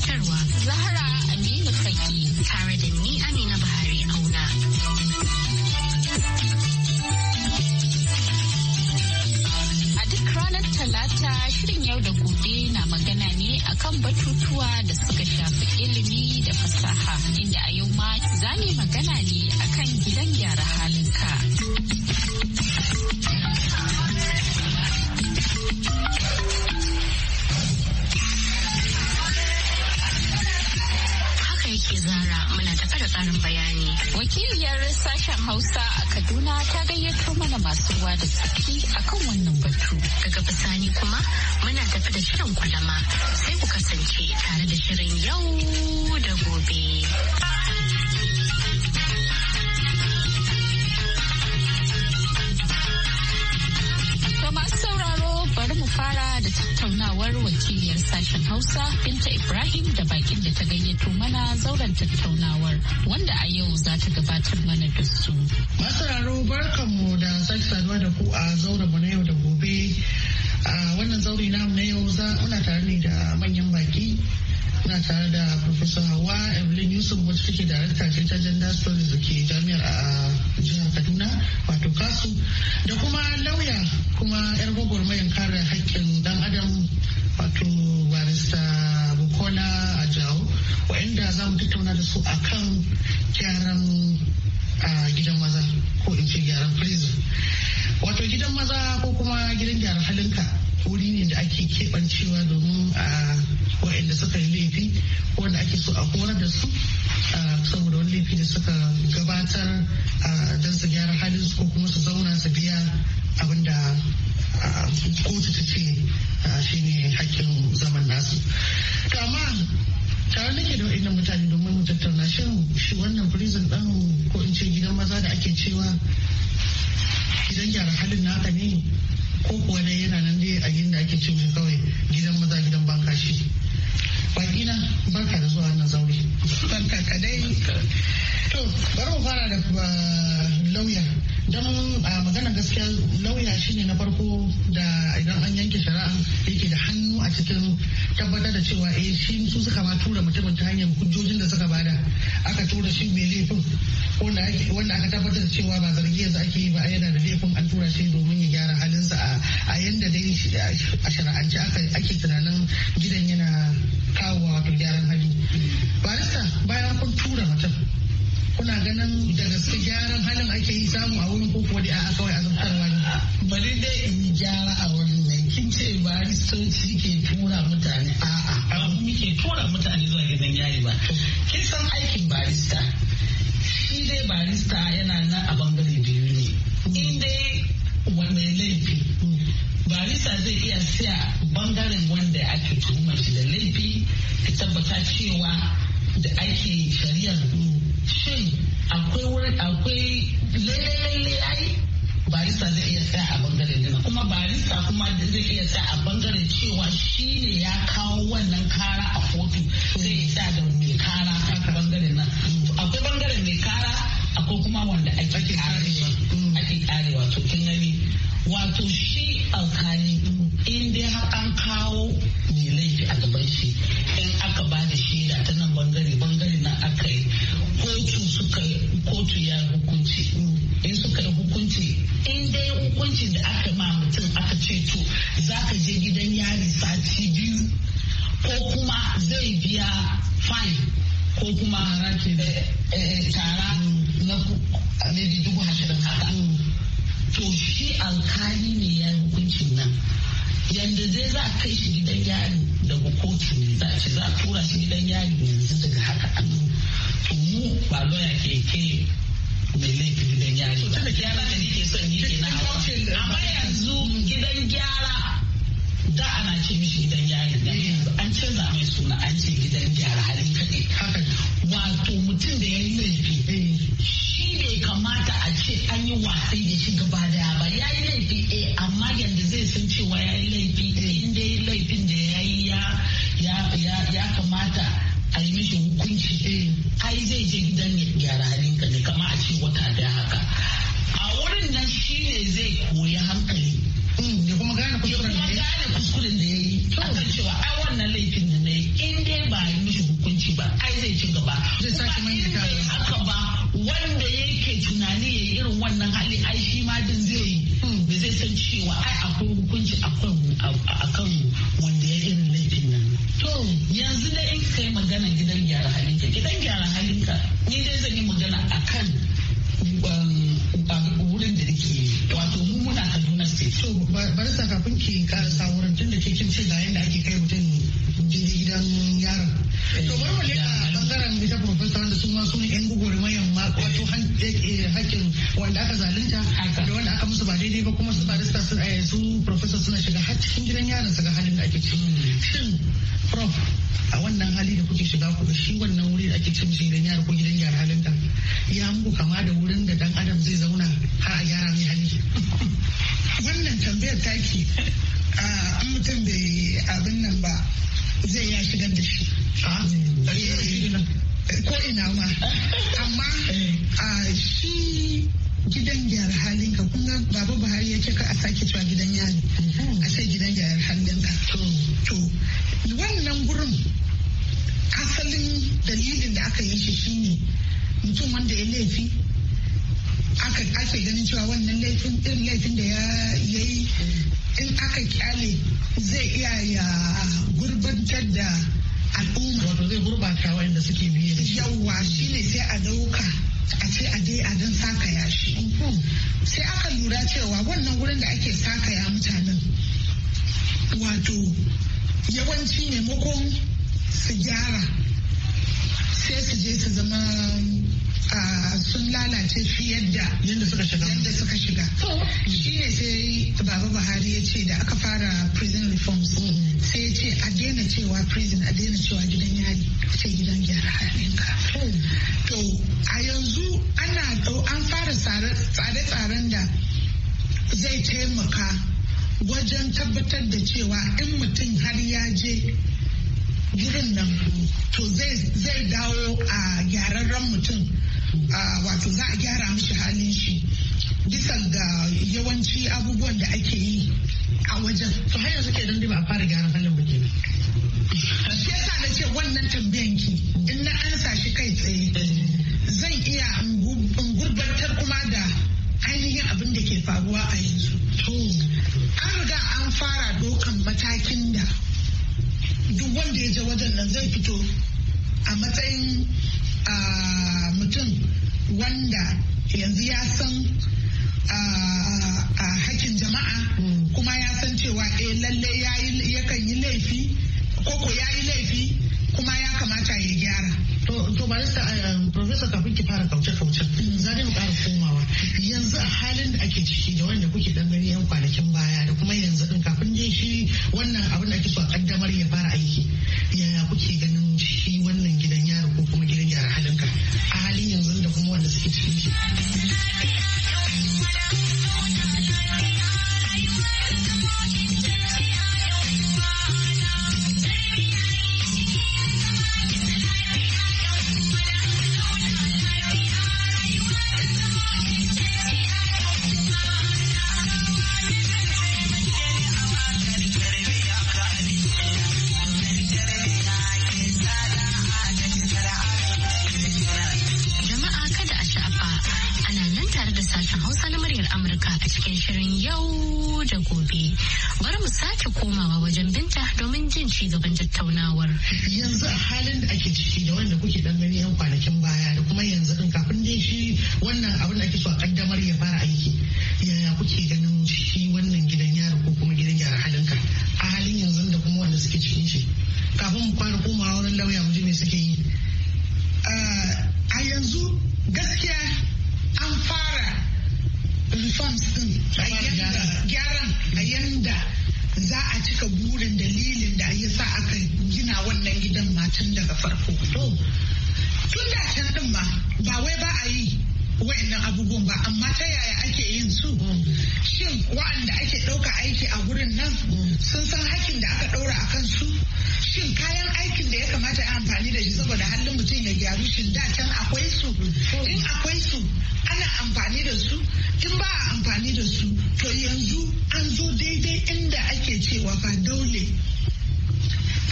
gabatarwa Zahra Aminu Faki tare da ni Amina Buhari auna. A duk ranar Talata shirin yau da gobe na magana ne akan batutuwa da suka shafi ilimi da fasaha inda a yau ma za magana ne akan gidan gyara halin tsare tsarin bayani. Wakiliyar sashen Hausa a Kaduna ta gayyato mana masu ruwa da tsaki akan wannan batu. Daga bisani kuma muna tafi da shirin kwalama sai ku kasance tare da shirin yau da gobe. fara da tattaunawar wakiliyar sashen Hausa Binta Ibrahim da bakin da ta gayyato mana zauren tattaunawar wanda a yau za ta gabatar mana da su. Masararo barkanmu da sake saduwa da ku a zauren mu na yau da gobe. A wannan zauri na yau za muna tare ne da manyan baki na tare da Professor Hawa Evelyn Yusuf wacce take darakta ce ta Gender Studies da ke jami'ar a jihar Kaduna wato Kasu da kuma lauya kuma yar gwagwarmayar kare haƙƙin dan adam wato barista Bukola Ajao wa'inda za mu tattauna da su akan gyaran a gidan maza ko in ce gyaran prison wato gidan maza ko kuma gidan gyara halinka wuri ne da ake keɓancewa domin a waɗanda suka yi laifi wanda ake so a horar da su saboda wani laifi da suka gabatar don su gyara halin su ko kuma su zauna su biya abin da kotu ta ce shi ne hakkin zaman nasu. tare nake da waɗannan mutane domin mu tattauna shin shi wannan prison ɗan ko in ce gidan maza da ake cewa gidan gyara halin naka ne ko kuwa dai yana nan dai a inda ake ce kawai gidan maza gidan bankashi bakina barka da zuwa wannan zaure barka kadai to bari mu fara da ah, lauya don a ah, magana gaskiya lauya shine na farko da idan an yanke shari'a yake da hannu a cikin tabbatar da cewa eh shi su suka ma tura mutumin ta hanyar hujjojin da suka bada aka tura shi mai laifin wanda aka tabbatar da cewa ba zargi yanzu ake yi ba yana da laifin an tura shi domin ya gyara halinsa a yanda dai a shari'ance ake tunanin gidan yana kawo wato gyaran hali barista bayan kun tura mutum kuna ganin da gaske gyaran halin ake yi samu a wurin ko kuwa da a kawai zartarwa ne bari dai in yi gyara a wurin nan kin ce baristoci ke tura mutane a'a a muke tura mutane zuwa gidan yari ba kin san aikin barista shi dai barista yana nan a bangare biyu ne hmm. in dai wanda laifi barista zai iya siya bangaren wanda ake tuhumar shi da laifi ka tabbata cewa da ake shari'ar shin akwai wurin akwai lalle yayi barista zai iya tsaya a bangaren dana kuma barista kuma zai iya tsaya a bangaren cewa shi ne ya kawo wannan kara a kotu zai yi tsaya da mai kara a bangaren nan akwai bangaren mai kara akwai kuma wanda ake karewa ake karewa to kin gani wato shi alkali in dai har an kawo mai laifi a gaban shi in aka ba da shaida ta nan bangare bangare na aka yi kotu suka kotu ya hukunci in suka yi hukunci in dai hukuncin da aka ma mutum aka ce to za ka je gidan yari sati biyu ko kuma zai biya fine ko kuma eh, eh, tara na dubu ashirin haka to shi alkali ne ya hukuncin nan yanda zai za a kai shi gidan yari daga kotu ne za a ce za a tura shi gidan yari yanzu daga haka an to mu ba loya ke ke mai laifin gidan yari ba tunda gyara da nake son yi ke na amma yanzu gidan gyara da ana ce mishi gidan yari da eh. yanzu an canza mai suna an ce gidan gyara halin kaɗai wato mutum da ya yi laifi eh. shi bai kamata a ce an yi watsi da shi gaba daya ba ya yi laifi eh amma yadda zai san cewa ya yi laifi eh inda ya laifin da ya yi ya kamata a yi mishi hukunci eh, ai zai je gidan da wanda aka musu ba daidai ba kuma su barista sun aya su professor suna shiga har cikin gidan yaron su ga halin da ake cikin shin prof a wannan hali da kuke shiga ku shi wannan wuri da ake cikin gidan yaro ko gidan yara halin da ya muku kama da wurin da dan adam zai zauna har a gyara mai hali wannan tambayar taki a mutum bai abin nan ba zai ya shigar da shi ko ina ma amma shi gidan gyara halin ka kuma baba Buhari ya ce ka a sake cewa gidan yari a sai gidan gyara halin ka to wannan gurin asalin dalilin da aka yi shi shine mutum wanda ya laifi aka ake ganin cewa wannan laifin irin laifin da ya yi in aka kyale zai iya ya gurbantar da al'umma wato zai gurbata wayanda suke biye da shi yawa shine sai wurin da ake sakaya mutanen wato yawanci maimakon su gyara sai su je su zama sun lalace fi yadda. yadda suka shiga yadda suka shiga shi ne sai baba buhari ya ce da aka fara prison reforms sai ya ce a daina cewa prison a daina cewa gidan yari ce gidan gyara halinka hmm. to a yanzu ana an fara tsare-tsaren da zai taimaka wajen tabbatar da cewa in mutum har ya je gidan nan to zai dawo a gyararren mutum wato za a gyara mishi halin shi bisa ga yawanci abubuwan da ake yi a wajen to har yanzu ke don ba a fara gyara halin ba kenan shi yasa da ce wannan tambayan ki in na ansa shi kai tsaye faruwa a yanzu. An riga an fara dokan matakin da duk wanda ya je wajen nan zai fito a matsayin mutum wanda yanzu ya san a hakkin jama'a hmm. kuma ya san cewa eh lalle kan yi laifi koko ya yi laifi kuma ya kamata ya gyara to barista eh, eh, Profesor kafin ki fara kauce kauce mm. zani mu ƙara komawa yanzu a halin da ake ciki da wanda kuke dan gani yan kwanakin baya da kuma yanzu din kafin dai shi wannan abin da ake so a kaddamar ya fara aiki yaya kuke ganin shi wannan gidan yaro ko kuma gidan yara halinka a halin yanzu da kuma wanda suke ciki. komawa wajen binta domin jin ci gaban tattaunawar. Yanzu a halin da ake ciki da wanda kuke dan gani yan kwanakin baya da kuma yanzu din kafin dai shi wannan abin da ake so a kaddamar ya fara aiki. Yaya kuke ganin shi wannan gidan yaro ko kuma gidan yara ka? a halin yanzu da kuma wanda suke cikin shi. Kafin mu fara komawa wurin lauya mu ji me suke yi. A yanzu gaskiya an fara reforms din a yanda gyaran a yanda za a cika burin dalilin da ya sa aka gina wannan gidan matan daga farko. To, tun da can ɗin ma ba wai ba a yi wa'annan abubuwan ba amma ta yaya ake yin su shin waɗanda ake ɗauka aiki a gurin nan sun san hakkin da aka ɗaura a kansu shin kayan aikin da ya kamata a amfani da shi saboda halin mutum ya gyaru shin da can akwai su in akwai su ana amfani da su in ba a amfani da su to yanzu an zo daidai inda ake cewa ba dole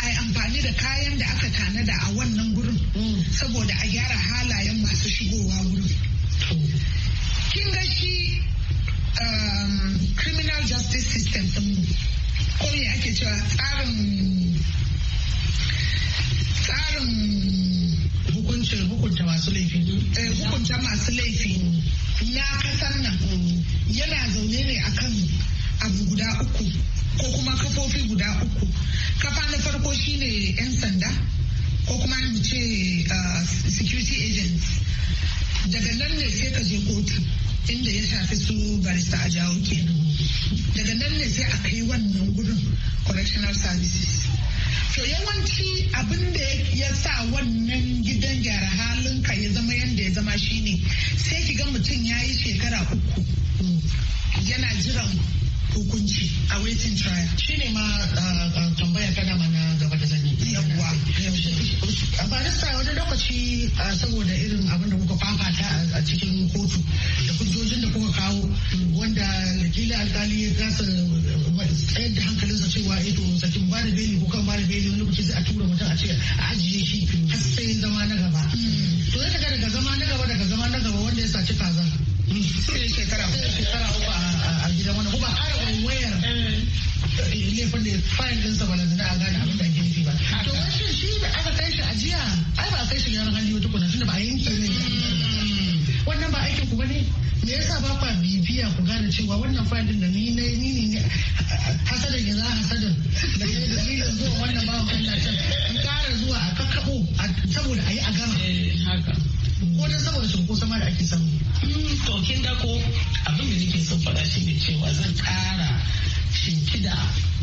a yi amfani da kayan da aka tanada a wannan gurin saboda a gyara halayen masu shigowa wurin. kin ga shi um, criminal justice system din ko me ake cewa tsarin tsarin hukuncin hukunta masu laifi eh, hukunta masu laifi na kasan nan yana zaune ne akan abu guda uku ko kuma kafofi guda uku kafa na farko shine 'yan sanda ko kuma mu ce uh, security agents daga nan ne sai ka je kotu inda ya shafi su barista a jawo kenan daga nan ne sai a kai wannan gudun correctional services to yawanci abin da ya sa wannan gidan gyara halinka ya zama yadda ya zama shine sai ki ga mutum ya yi shekara uku yana jiran hukunci a waiting trial shine ma tambaya ta dama na gaba da zan yawwa a barista wani lokaci saboda irin abin da kuka fafata a cikin kotu da kujojin da kuka kawo wanda kila alkali ya kasa tsayar da hankalinsa cewa ito eh sakin ba da beli ko kan ba da beli wani lokaci sai a tura mutum a ce a ajiye shi har sai zama na gaba mm. to ya daga daga zama na gaba daga zama na gaba wanda ya saci kaza uku a gidan wani kuma ƙara wayar laifin da fayin ɗinsa ba lazina a gane abin da ake To wancan shi da aka kai shi a jiya ai ba kai shi ba ba a yanke ne. Wannan ba aikin ku ba ne? Me yasa ba bibiya ku gane cewa wannan fayin ɗin da ni na ya za da ya zuwa wannan ba Allah can in ƙara zuwa a saboda a yi a gama. Ko dan saboda cunkoson ma da ake samu. to kin ko abin da nake so faɗa shi ne cewa zan ƙara shinkida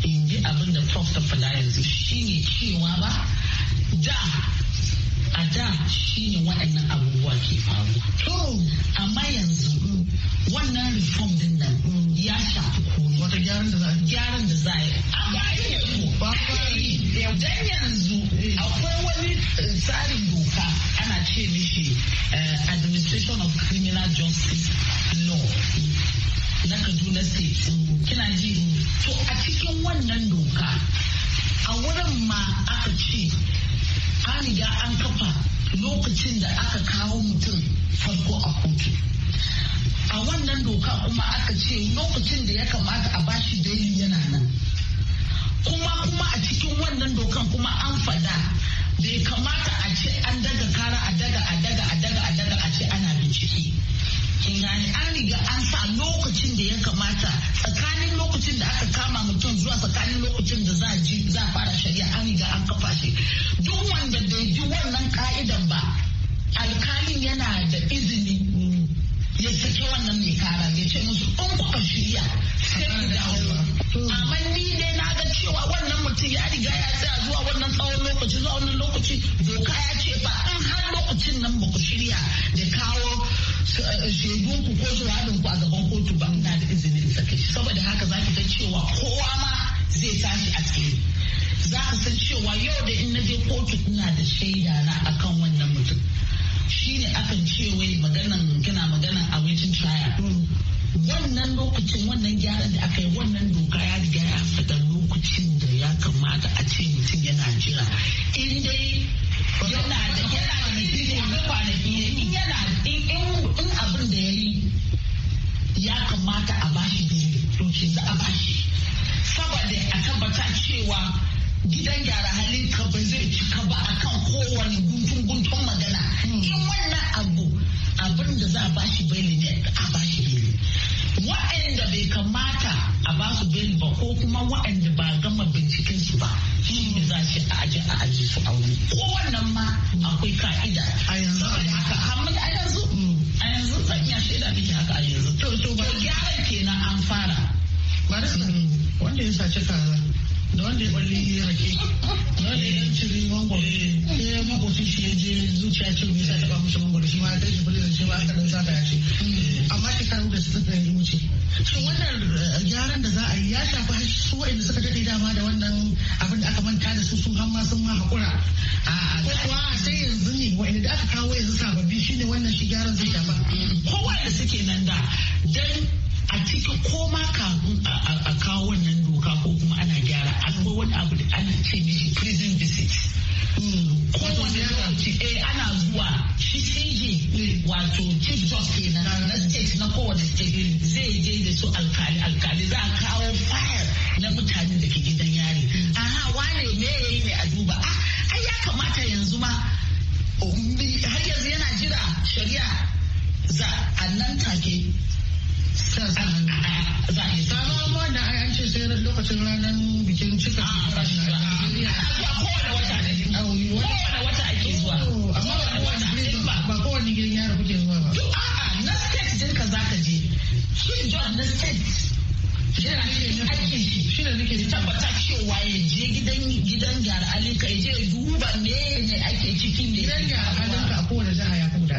in ji abin da prof ta faɗa yanzu ne cewa ba da a da shi ne waɗannan abubuwa ke faruwa. To amma yanzu wannan reform din nan ya shafi Wata gyaran da za a yi. Gyaran da za a dan yanzu akwai wani tsarin doka ana ce mishi eh, administration of criminal justice law na kaduna state kina ji to a cikin wannan doka a wurin ma aka ce an an kafa lokacin da aka kawo mutum farko a kotu a wannan doka kuma aka ce lokacin da ya kamata a bashi daili yana nan kuma kuma a cikin wannan dokan kuma an faɗa bai kamata a ce an daga kara a daga a daga a daga a daga a ce ana bincike kin gani an riga an sa lokacin da ya kamata tsakanin lokacin da aka kama mutum zuwa tsakanin lokacin da za ji za fara shari'a an riga an kafa shi duk wanda bai ji wannan ka'idan ba alkalin yana da izini ya saki wannan mai kara ya ce musu in kuka shirya sai da dawo amma cewa wannan mutum ya riga ya tsaya zuwa wannan tsawon lokaci zuwa wannan lokaci doka ya ce ba an har lokacin nan ba ku shirya da kawo eh, shaidunku ko jawabin ku a gaban kotu ba na da izinin sakai saboda haka za ki ga cewa kowa ma zai tashi a tsaye za ka san cewa yau da in na je kotu ina da shaida na akan wannan mutum shine akan ce wai maganan kina maganan a wajen trial wannan lokacin wannan gyaran da aka yi wannan doka ya riga ya faɗa lokacin da ya kamata a ce mutum yana jira in dai yana da yana da kwanaki yana in abin da ya yi ya kamata a bashi da lokacin da a bashi saboda a tabbata cewa gidan gyara halin ka ba zai cika ba akan kowane guntun guntun magana hmm. in wannan abu su ba ko kuma waɗanda ba gama binciken su ba shi ne za shi a aji a aji su a wuri kowannan ma akwai ka'ida a yanzu haka amma a yanzu mm. a yanzu shaida haka a yanzu to to ba gyaran kenan an fara barista mm. wanda ya sace kaza da wanda ya balli rake da wanda ya ciri mangwaro eh, sai makwacin shi ya je zuciya ce me yasa taba mishi mangwaro shi ma ya tashi bulin shi ma a dan sata ya ce eh, amma shekaru da suka yi wuce shin wannan eh, gyaran da za a yi ya shafi su waɗanda suka daɗe dama da wannan abin da aka manta da su sun hamma sun ma haƙura Ko kuwa sai yanzu ne waɗanda da aka kawo yanzu sababbi shine wannan shi gyaran zai shafa mm. kowa da suke nan da dan a cikin koma kafin a kawo wannan doka ko kuma ana gyara akwai wani abu da ana ce mishi prison visit kowane lokaci eh ana zuwa shi CJ wato chief justice na na state na kowane state zai je da su alkali alkali za a kawo fire na mutane da ke gidan yari aha wane me yayi ne a duba ah, ai ya kamata yanzu ma um, har yanzu yana jira shari'a za a nan take sa hannu za a yi sama wanda an ce lokacin ranar bikin cika a kowane wata ne kowane wata ake zuwa amma ba kowane gidan yaro kuke zuwa ba a'a na state din ka je shi john na state shi da nake tabbata cewa ya je gidan gyara alinka ya je duba me ne ake ciki ne gidan gyara alinka a kowane jiha ya koda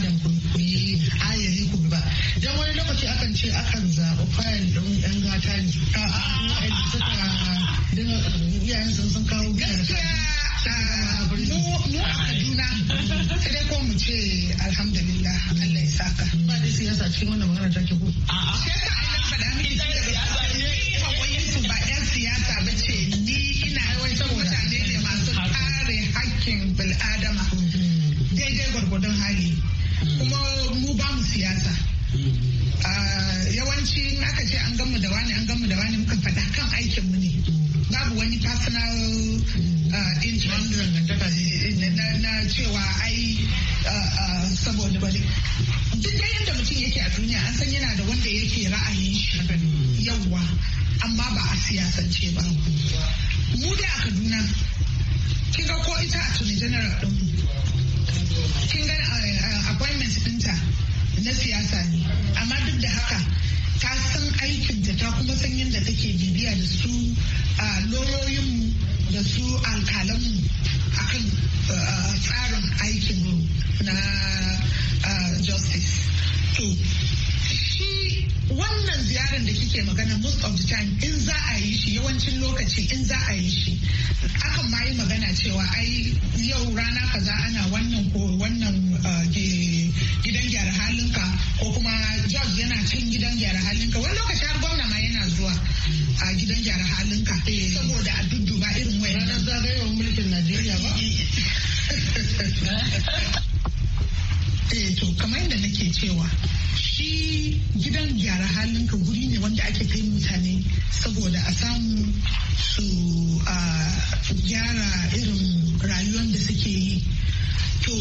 adam ku yi ayari ku ba dan wani lokaci akan ce akan zaɓi fayil ɗin yan gata ne a suka iyayen sun sun kawo da mu a Kaduna sai dai ko mu ce alhamdulillah Allah ya saka ba da siyasa cikin wannan magana take ko a'a mu siyasa ah, yawanci in aka ce an gama da wani an gama da wani muka faɗa kan aikin mu ne babu wani personal ah, interest na cewa ai ah, saboda bari duk da yadda mutum yake a duniya an san yana da wanda yake ra'ayin shi yawwa amma ba a siyasance ba mu da a kaduna kinga ko ita a tuni general ɗin kin ga appointment ɗinta na siyasa ne amma duk da haka ta san aikinta ta kuma san yadda take bibiya da su a lauyoyinmu da su alkalanmu akan tsarin aikin na justice to shi wannan ziyarar da kike magana most of the time in za a yi shi yawancin lokaci in za a yi shi akan ma yi magana cewa ai yau rana kaza ana wannan ko wannan uh, gidan gyara halinka ko kuma George yana cin gidan gyara halinka wani lokaci har gwamna ma yana zuwa a gidan gyara halinka eh. saboda a dudduba irin wayan ranar zagayowar mulkin Najeriya ba eh to kamar yadda nake cewa shi gidan gyara halin ka guri ne wanda ake kai mutane saboda a samu su gyara irin rayuwar da suke yi to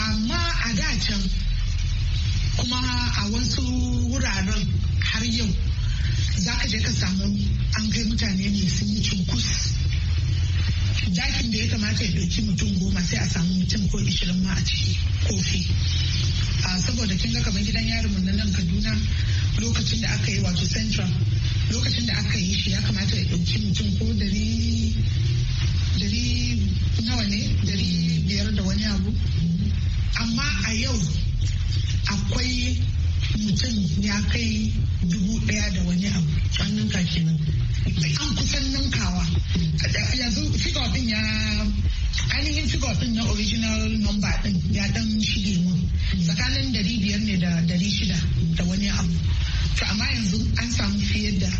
amma a da can kuma a wasu wuraren har yau za ka je ka samu an kai mutane ne sun yi cunkus dakin da ya kamata ya ɗauki mutum goma sai a samu mutum ko ishirin ma a ciki kofi a saboda kin ga kamar gidan yarin na nan kaduna lokacin da aka yi wato central lokacin da aka yi shi ya kamata ya ɗauki mutum ko dari dari nawa ne dari biyar da wani abu amma a yau akwai mutum ya kai dubu daya da wani abu an ninka kenan an kusan ninkawa yanzu figure din ya ainihin figure din na original number din ya dan shige mun tsakanin dari biyar ne da dari shida da wani abu to amma yanzu an samu fiye da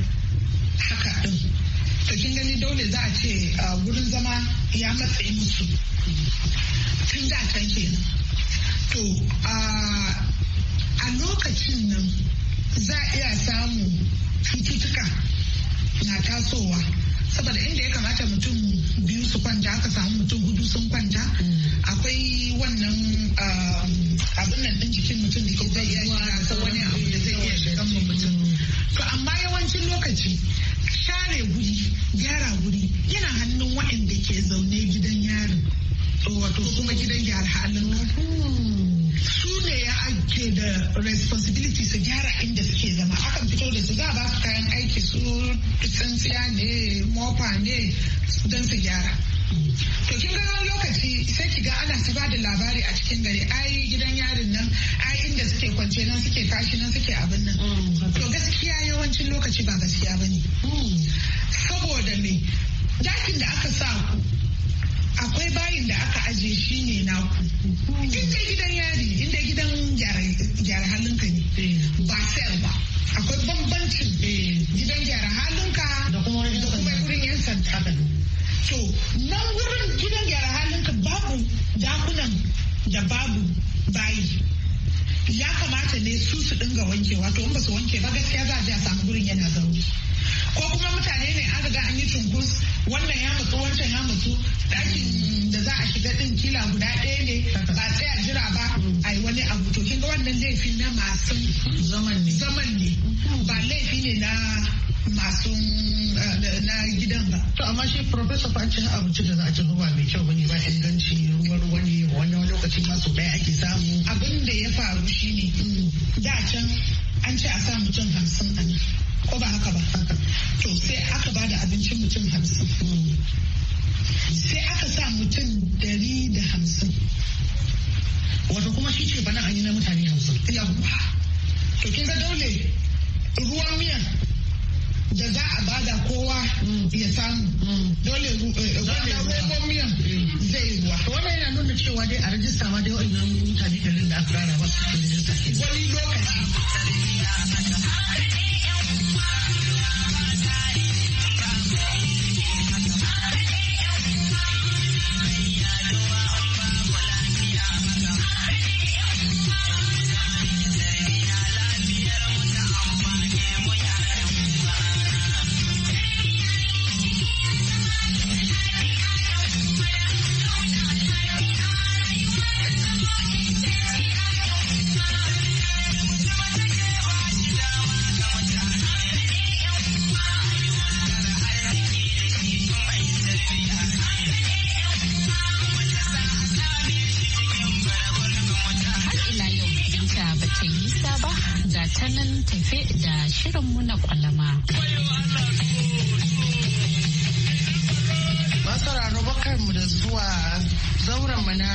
haka din to kin gani dole za a ce wurin zama ya matsayi musu tun da can kenan to a lokacin nan za a iya samun cututtuka na tasowa saboda inda ya kamata mutum biyu su kwanta aka samu mutum hudu sun kwanta akwai wannan um, abin nan din jikin mutum da ke zai iya shiga wani abu da zai iya shiga mutum to amma yawancin lokaci share guri gyara guri yana hannun waɗanda ke zaune gidan yarin wato kuma gidan gyara halin hmm. su ne ya ake da responsibility su gyara inda suke zama akan fito da su za ba su kayan aiki su tsantsiya ne mofa ne don su gyara To kin ga lokaci sai ki ga ana ta bada labari a cikin gari ai gidan yarin nan ai inda suke kwance nan suke tashi nan suke abin nan. Mm, to gaskiya yawancin lokaci ba gaskiya bane. Mm. Saboda me dakin da aka sa akwai bayin da aka aje shi ne naku inda gidan yari inda gidan gyara halinka ne eh. ba sel ba akwai bambancin eh. gidan gyara halinka da kuma wurin yan sanda to nan wurin gidan gyara halinka babu dakunan da babu bayi ya kamata ne su su dinga wankewa to in ba su wanke ba gaskiya za a je a samu gurin yana zaune ko kuma mutane ne an riga an yi cunkus wannan ya mutu wancan ya mutu ɗakin da za a shiga ɗin kila guda ɗaya ne ba tsaya jira ba a yi wani abu to kinga wannan laifin na masu zaman ne zaman ne ba laifi ne na masu eh, na gidan ba to amma shi professor fa an ci abinci da za a ci ba mai kyau bane ba inganci lokacin masu daya ake samu abin da ya faru shi ne. Hmm, da can an ce a sa mutum hamsin a nan ko ba haka ba to sai aka ba da abincin mutum hamsin sai aka sa mutum dari da hamsin wato kuma shi ce bana an yi na mutane hamsin to kin ga dole ruwan miyan da za a bada kowa ya samu mm. dole gwamnan eh, eh, zai ruwa. Wannan yana nuna cewa dai a rajista ma dai wa'annan mutane garin da aka rara ba su rajista. Wani lokaci. shirinmu na kwalama. bakar mu da zuwa zauren mu na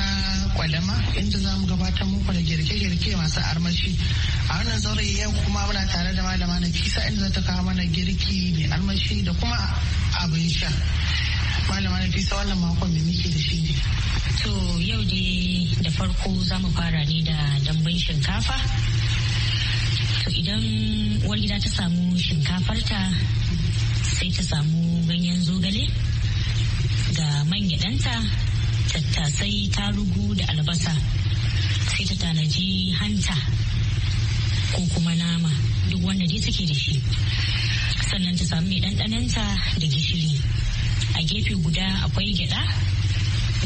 kwalama inda za mu gabatar muku da girke-girke masu armashi a wannan zauren yau kuma muna tare da malama na kisa inda za ta kawo mana girki mai armashi da kuma abin sha malama na kisa wannan makon mai muke da shi to yau dai da farko za mu fara ne da dambun shinkafa idan uwar gida ta samu shinkafarta sai ta samu ganyen zogale ga man ta tattasai tarugu da albasa sai ta tanaji hanta ko kuma nama duk wanda dai take da shi sannan ta samu mai ɗanɗananta da gishiri a gefe guda akwai gyaɗa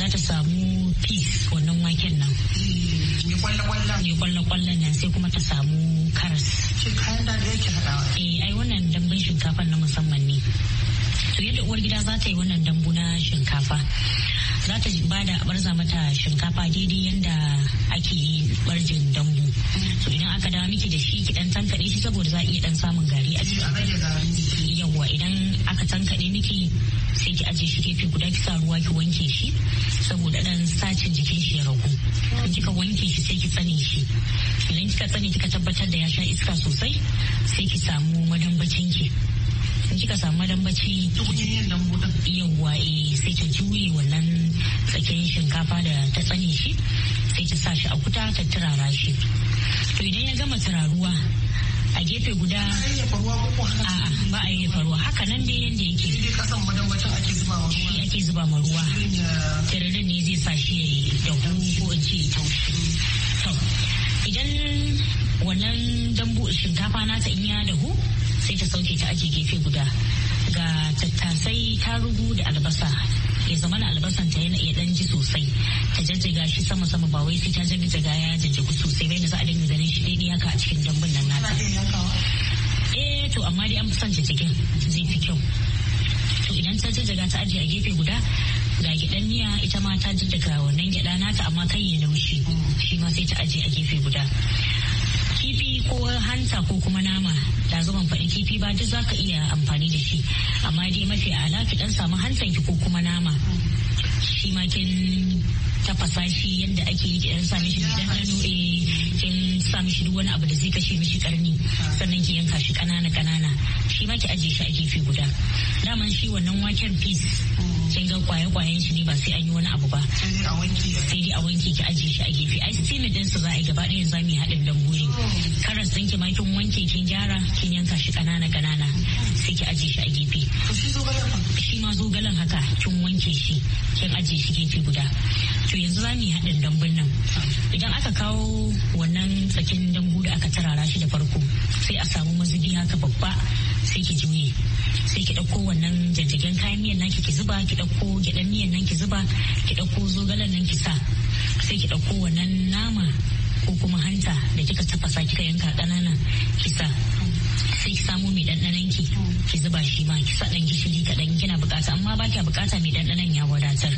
za ta samu peace. wannan waken nan ne mm, kwallon nan sai kuma ta samu karas ce kayan da yake haɗawa. Eh ai wannan dambun shinkafa na musamman ne. To yadda uwar gida za ta yi wannan dambu na shinkafa. Za ta ba da barza mata shinkafa daidai yadda ake yi barjin dambu. To idan aka dawo miki da shi ki dan tankaɗe shi saboda za a iya dan samun gari a ciki. Eh, Yawwa idan aka tankaɗe miki sai ki ajiye shi gefe guda ki sa ruwa ki wanke shi saboda dan sacin jikin shi ya ragu. In kika wanke shi sai ki tsane shi. kika tsani kika tabbatar da ya sha iska sosai sai ki samu madambacin ki in kika samu madambaci yawwa eh sai ta juye wannan tsakiyar shinkafa da ta tsane shi sai ta sa shi a kuta ta turara shi to idan ya gama turaruwa a gefe guda ba a yi faruwa haka nan dai yadda yake shi ake zuba ma ruwa uh, tiririn ne zai sa shi ya yi da ko in ce taushi idan wannan dambu shinkafa na ta in ya dahu sai ta sauke ta ake gefe guda ga tattasai tarugu da albasa ya zama na albasan ta yana iya danji sosai ta jajjaga shi sama sama ba wai sai ta jajjaga ya jajjagu sosai bai da za a dinga ganin shi daidai haka a cikin dambun nan nata eh to amma dai an fi son jajjagen zai fi kyau to idan ta jajjaga ta ajiye a gefe guda ga gidan miya ita ma ta daga wannan gyaɗa naka amma kan yi laushi shi ma sai ta ajiye a gefe guda kifi ko hanta ko kuma nama da zuban faɗi kifi ba duk zaka iya amfani da shi amma dai mafi ala dan samu hantan ki ko kuma nama shi ma kin tafasa shi yadda ake yi sami sa mishi eh, kin sa mishi duk wani abu da zai kashe mishi karni sannan ki yanka shi kanana kanana shi ma ki ajiye shi a gefe guda daman shi wannan waken peas kin ga kwaye-kwayen shi ne ba sai an yi wani abu ba sai dai a wanke ki ajiye shi a gefe ai steam din su za a yi gaba ɗaya za mu yi haɗin dambu karas ki ma kin wanke kin gyara kin yanka shi ƙanana ƙanana sai ki ajiye shi a gefe shi ma zogalen haka kin wanke shi kin ajiye shi gefe guda to yanzu za mu yi haɗin dambun nan idan aka kawo wannan tsakin dambu da aka tarara shi da farko sai a samu mazubi haka babba sai ki juye sai ki ɗauko wannan jajjagen kayan miyan naki ki zuba ki ɗauko gyaɗan miyan nan ki zuba ki ɗauko zogalen nan ki sa sai ki ɗauko wannan nama ko kuma hanta da kika tafasa kika yanka ƙanana ki sa sai ki samo mai ɗanɗanon ki ki zuba shi ma ki sa ɗan gishiri kaɗan kina buƙata amma ba kya buƙata mai ɗanɗanon ya wadatar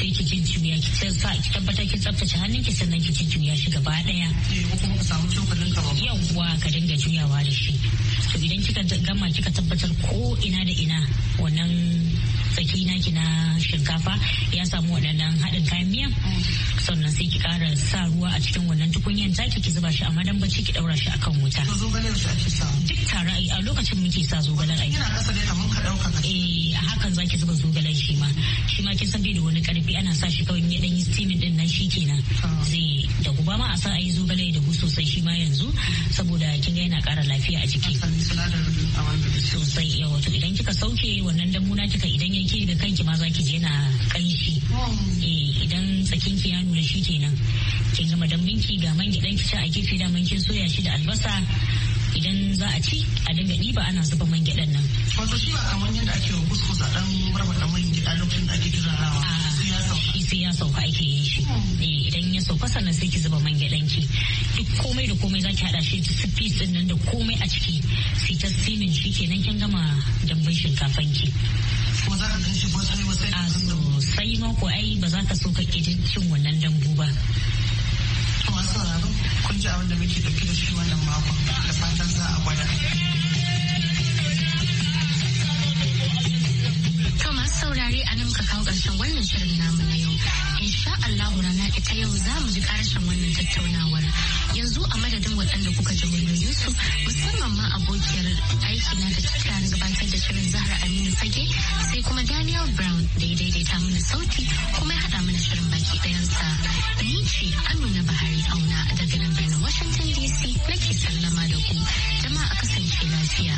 sai ki jinjimiya ki sa ki tabbata ki tsaftace hannun ki sannan ki jinjimiya shi gaba daya eh, yawwa ka dinga juyawa da shi to idan kika gama kika tabbatar ko ina da ina wannan tsaki naki na shinkafa ya samu waɗannan haɗin kayan miyan sannan sai ki ƙara sa ruwa a cikin wannan tukunyan taki ki zuba shi a madambaci ki ɗaura shi a kan wuta. Duk tare a lokacin muke sa zogalen aiki. Ina ƙasa kamar ka ɗauka eh, a hakan ki zuba zogalen shi ma. Shi ma kin san bai da wani ƙarfi ana sa shi kawai ya ɗan yi steaming ɗin nan shi kenan. Zai da guba ma a sa a yi zogale ya gu sosai shi ma yanzu saboda kin ga yana ƙara lafiya a jiki. Sosai ka sauke wannan damuna kika idan yake da kanki ma zaki je na kanshi eh, idan tsakin ki ya nuna shi kenan ki gama dambin ki ga man gidan ki ci a gefe da man kin soya shi da albasa idan za a ci a dinga ɗiba ana zuba man gidan nan wato shi ba kamar yadda ake wa kuskus a dan barbaɗa man gidan lokacin da ake sai ya sauka ake yin shi eh, idan ya sauka sannan sai ki zuba man gyaɗan duk komai da komai za ki haɗa shi su fis din nan da komai a ciki sai ta steaming shi kenan kin gama dambun shinkafan ki ko za ka gan shi ko sai wasai a ah, sosai ma ko ai ba za ka so ka ƙi cin wannan dambu ba to masu sauraro kun ji abin da muke ɗauke da shi wannan makon da fatan za a gwada To masu saurare a nan ka kawo ƙarshen wannan shirin namu na yau. Insha Allah rana ita yau za mu ji ƙarshen wannan tattaunawar. yanzu a madadin waɗanda kuka ji muryoyinsu musamman ma abokiyar aiki na da ta na gabatar da shirin zahra aminu fage sai kuma daniel brown da ya daidaita mana sauti kuma ya haɗa mana shirin baki ɗayansa ni ce amina bahari auna daga nan birnin washington dc nake sallama da ku a kasance lafiya.